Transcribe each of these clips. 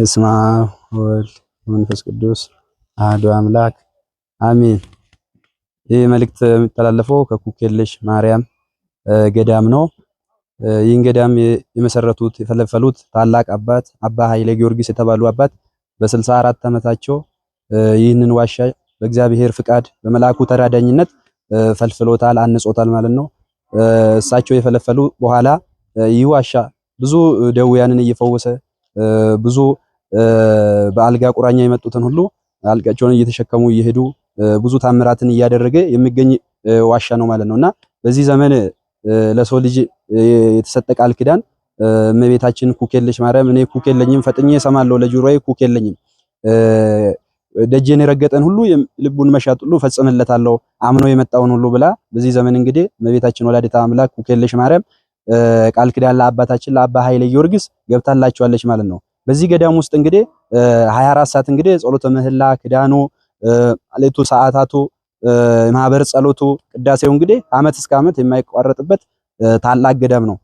በስመ አብ ወወልድ ወመንፈስ ቅዱስ አሐዱ አምላክ አሜን። ይህ መልእክት የሚተላለፈው ከኩኬልሽ ማርያም ገዳም ነው። ይህን ገዳም የመሰረቱት የፈለፈሉት ታላቅ አባት አባ ኃይለ ጊዮርጊስ የተባሉ አባት በ64 ዓመታቸው ይህንን ዋሻ በእግዚአብሔር ፍቃድ በመልአኩ ተራዳኝነት ፈልፍሎታል፣ አንጾታል ማለት ነው። እሳቸው የፈለፈሉ በኋላ ይህ ዋሻ ብዙ ደውያንን እየፈወሰ ብዙ በአልጋ ቁራኛ የመጡትን ሁሉ አልጋቸውን እየተሸከሙ እየሄዱ ብዙ ታምራትን እያደረገ የሚገኝ ዋሻ ነው ማለት ነውና በዚህ ዘመን ለሰው ልጅ የተሰጠ ቃል ኪዳን እመቤታችን ኩክ ማርያም እኔ ኩኬልኝም ፈጥኜ እሰማለሁ ለጆሮዬ ኩክ ደጄን የረገጠን ሁሉ ልቡን መሻት ሁሉ ፈጽምለታለሁ አምኖ የመጣውን ሁሉ ብላ በዚህ ዘመን እንግዲህ እመቤታችን ወላዲተ አምላክ ኩክ ማርያም ቃል ኪዳን ለአባታችን ለአባ ኃይለ ጊዮርጊስ ገብታላችኋለች ማለት ነው። በዚህ ገዳም ውስጥ እንግዲህ 24 ሰዓት እንግዲህ ጸሎተ ምህላ፣ ክዳኑ፣ ሌቱ፣ ሰዓታቱ፣ ማህበር ጸሎቱ፣ ቅዳሴው እንግዲህ አመት እስከ ዓመት የማይቋረጥበት ታላቅ ገዳም ነው።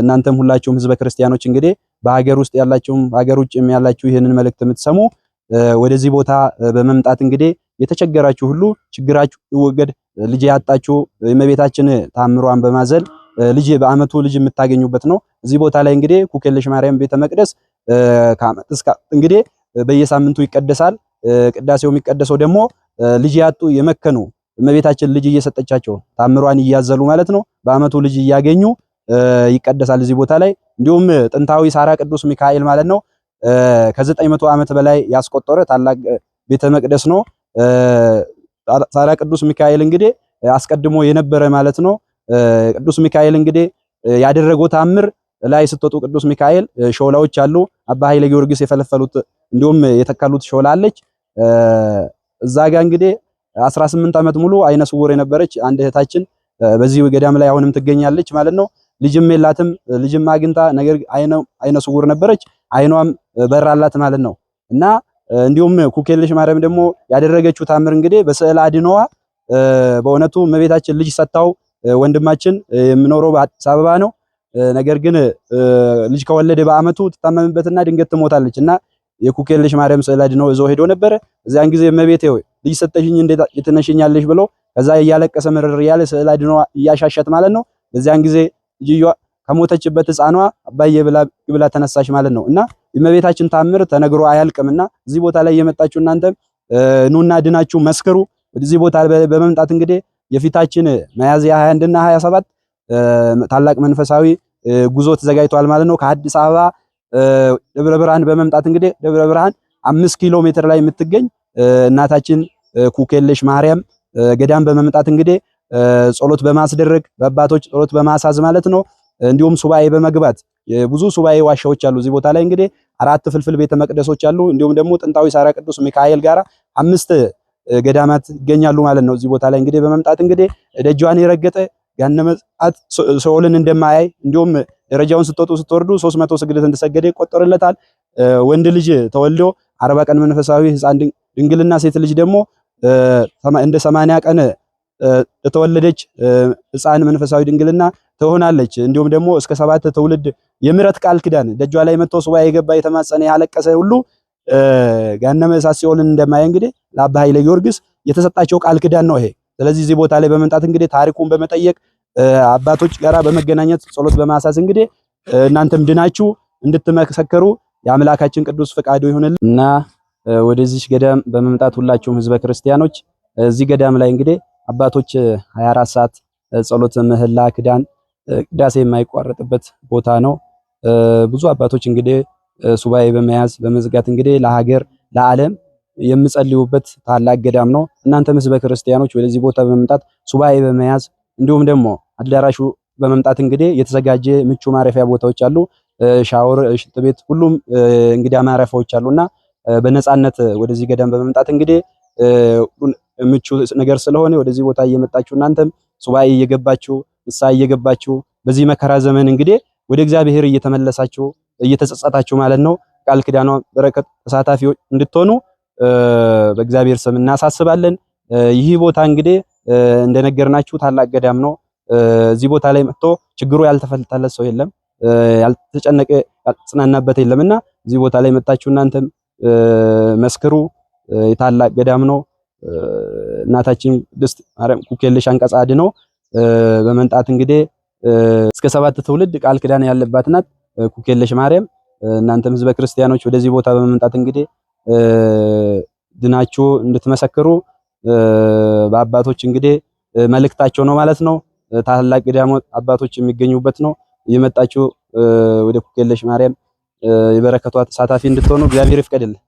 እናንተም ሁላችሁም ህዝበ ክርስቲያኖች እንግዲህ በሀገር ውስጥ ያላችሁም ሀገር ውጭም ያላችሁ ይህንን መልእክት የምትሰሙ ወደዚህ ቦታ በመምጣት እንግዲህ የተቸገራችሁ ሁሉ ችግራችሁ ይወገድ፣ ልጅ ያጣችሁ የእመቤታችን ታምሯን በማዘል ልጅ በአመቱ ልጅ የምታገኙበት ነው። እዚህ ቦታ ላይ እንግዲህ ኩክየለሽ ማርያም ቤተ መቅደስ ከዓመት እስከ እንግዲህ በየሳምንቱ ይቀደሳል። ቅዳሴው የሚቀደሰው ደግሞ ልጅ ያጡ የመከኑ እመቤታችን ልጅ እየሰጠቻቸው ታምሯን እያዘሉ ማለት ነው። በዓመቱ ልጅ እያገኙ ይቀደሳል እዚህ ቦታ ላይ እንዲሁም ጥንታዊ ሳራ ቅዱስ ሚካኤል ማለት ነው ከዘጠኝ መቶ ዓመት በላይ ያስቆጠረ ታላቅ ቤተ መቅደስ ነው። ሳራ ቅዱስ ሚካኤል እንግዲህ አስቀድሞ የነበረ ማለት ነው። ቅዱስ ሚካኤል እንግዲህ ያደረገው ታምር ላይ ስትወጡ ቅዱስ ሚካኤል ሾላዎች አሉ። አባ ኃይለ ጊዮርጊስ የፈለፈሉት እንዲሁም የተካሉት ሾላ አለች። እዛ ጋ እንግዲህ 18 ዓመት ሙሉ አይነ ስውር የነበረች አንድ እህታችን በዚህ ገዳም ላይ አሁንም ትገኛለች ማለት ነው። ልጅም የላትም። ልጅም አግኝታ ነገር አይነ ስውር ነበረች። አይኗም በራላት ማለት ነው እና እንዲሁም ኩኬልሽ ማርያም ደግሞ ያደረገችው ታምር እንግዲህ በስዕል አድኖዋ በእውነቱ እመቤታችን ልጅ ሰታው ወንድማችን የምኖረው በአዲስ አበባ ነው። ነገር ግን ልጅ ከወለደ በአመቱ ትታመምበትና ድንገት ትሞታለች እና ልጅ ማርያም ስዕል አድኖ ይዞ ሄዶ ነበረ። እዚያን ጊዜ እመቤቴ ሆይ ልጅ ሰጠሽኝ እንዴት ትነሽኛለሽ ብሎ ከዛ እያለቀሰ ምርር እያለ ስዕለ አድኅኖ እያሻሸት ማለት ነው። በዚያን ጊዜ ልጅዋ ከሞተችበት ህፃኗ አባዬ ብላ ተነሳሽ ማለት ነው እና የእመቤታችን ታምር ተነግሮ አያልቅምና እዚህ ቦታ ላይ የመጣችሁ እናንተ ኑና ድናችሁ መስክሩ። እዚህ ቦታ በመምጣት እንግዲህ የፊታችን ሚያዝያ 21 እና 27 ታላቅ መንፈሳዊ ጉዞ ተዘጋጅቷል ማለት ነው። ከአዲስ አበባ ደብረ ብርሃን በመምጣት እንግዲህ ደብረ ብርሃን አምስት ኪሎ ሜትር ላይ የምትገኝ እናታችን ኩኬለሽ ማርያም ገዳም በመምጣት እንግዲህ ጸሎት በማስደረግ በአባቶች ጸሎት በማሳዝ ማለት ነው። እንዲሁም ሱባኤ በመግባት ብዙ ሱባኤ ዋሻዎች አሉ። እዚህ ቦታ ላይ እንግዲህ አራት ፍልፍል ቤተ መቅደሶች አሉ። እንዲሁም ደግሞ ጥንታዊ ሳራ ቅዱስ ሚካኤል ጋራ አምስት ገዳማት ይገኛሉ ማለት ነው። እዚህ ቦታ ላይ እንግዲህ በመምጣት እንግዲህ ደጇን የረገጠ ገሃነመ እሳት ሲኦልን እንደማያይ እንዲሁም ደረጃውን ስትወጡ ስትወርዱ ሶስት መቶ ስግደት እንደሰገደ ይቆጠርለታል። ወንድ ልጅ ተወልዶ አርባ ቀን መንፈሳዊ ህፃን ድንግልና፣ ሴት ልጅ ደግሞ እንደ 80 ቀን የተወለደች ህፃን መንፈሳዊ ድንግልና ትሆናለች። እንዲሁም ደግሞ እስከ ሰባት ትውልድ የምረት ቃል ኪዳን ደጇ ላይ መጥቶ ሱባኤ የገባ የተማጸነ ያለቀሰ ሁሉ ገሃነመ እሳት ሲኦልን እንደማያይ እንግዲህ ለአባ ኃይለ ጊዮርጊስ የተሰጣቸው ቃል ኪዳን ነው ይሄ። ስለዚህ እዚህ ቦታ ላይ በመምጣት እንግዲህ ታሪኩን በመጠየቅ አባቶች ጋራ በመገናኘት ጸሎት በማሳስ እንግዲህ እናንተም ድናችሁ እንድትመሰከሩ የአምላካችን ቅዱስ ፈቃዱ ይሁንልን እና ወደዚህ ገዳም በመምጣት ሁላችሁም ህዝበ ክርስቲያኖች እዚህ ገዳም ላይ እንግዲህ አባቶች 24 ሰዓት ጸሎት፣ ምህላ፣ ክዳን፣ ቅዳሴ የማይቋረጥበት ቦታ ነው። ብዙ አባቶች እንግዲህ ሱባኤ በመያዝ በመዝጋት እንግዲህ ለሀገር ለዓለም የምጸልዩበት ታላቅ ገዳም ነው። እናንተም በክርስቲያኖች ክርስቲያኖች ወደዚህ ቦታ በመምጣት ሱባኤ በመያዝ እንዲሁም ደግሞ አዳራሹ በመምጣት እንግዲህ የተዘጋጀ ምቹ ማረፊያ ቦታዎች አሉ። ሻወር፣ ሽንት ቤት፣ ሁሉም እንግዲህ ማረፊያዎች አሉና በነፃነት ወደዚህ ገዳም በመምጣት እንግዲህ ምቹ ነገር ስለሆነ ወደዚህ ቦታ እየመጣችሁ እናንተም ሱባኤ እየገባችሁ ንስሐ እየገባችሁ በዚህ መከራ ዘመን እንግዲህ ወደ እግዚአብሔር እየተመለሳችሁ እየተጸጸታችሁ ማለት ነው ቃል ኪዳኗ በረከት ተሳታፊዎች እንድትሆኑ በእግዚአብሔር ስም እናሳስባለን። ይህ ቦታ እንግዲህ እንደነገርናችሁ ታላቅ ገዳም ነው። እዚህ ቦታ ላይ መጥቶ ችግሩ ያልተፈታለት ሰው የለም፣ ያልተጨነቀ ያልተጽናናበት የለም እና እዚህ ቦታ ላይ መጣችሁ እናንተም መስክሩ። የታላቅ ገዳም ነው። እናታችን ቅድስት ማርያም ኩክየለሽ አንቀጸ አድኅኖ በመምጣት እንግዲህ እስከ ሰባት ትውልድ ቃል ክዳን ያለባት ናት ኩክየለሽ ማርያም። እናንተም ህዝበ ክርስቲያኖች ወደዚህ ቦታ በመምጣት እንግዲህ ድናችሁ እንድትመሰክሩ በአባቶች እንግዲህ መልእክታቸው ነው ማለት ነው። ታላላቅ ገዳማት አባቶች የሚገኙበት ነው። እየመጣችሁ ወደ ኩክየለሽ ማርያም የበረከቷ ተሳታፊ እንድትሆኑ እግዚአብሔር ይፍቀድልን።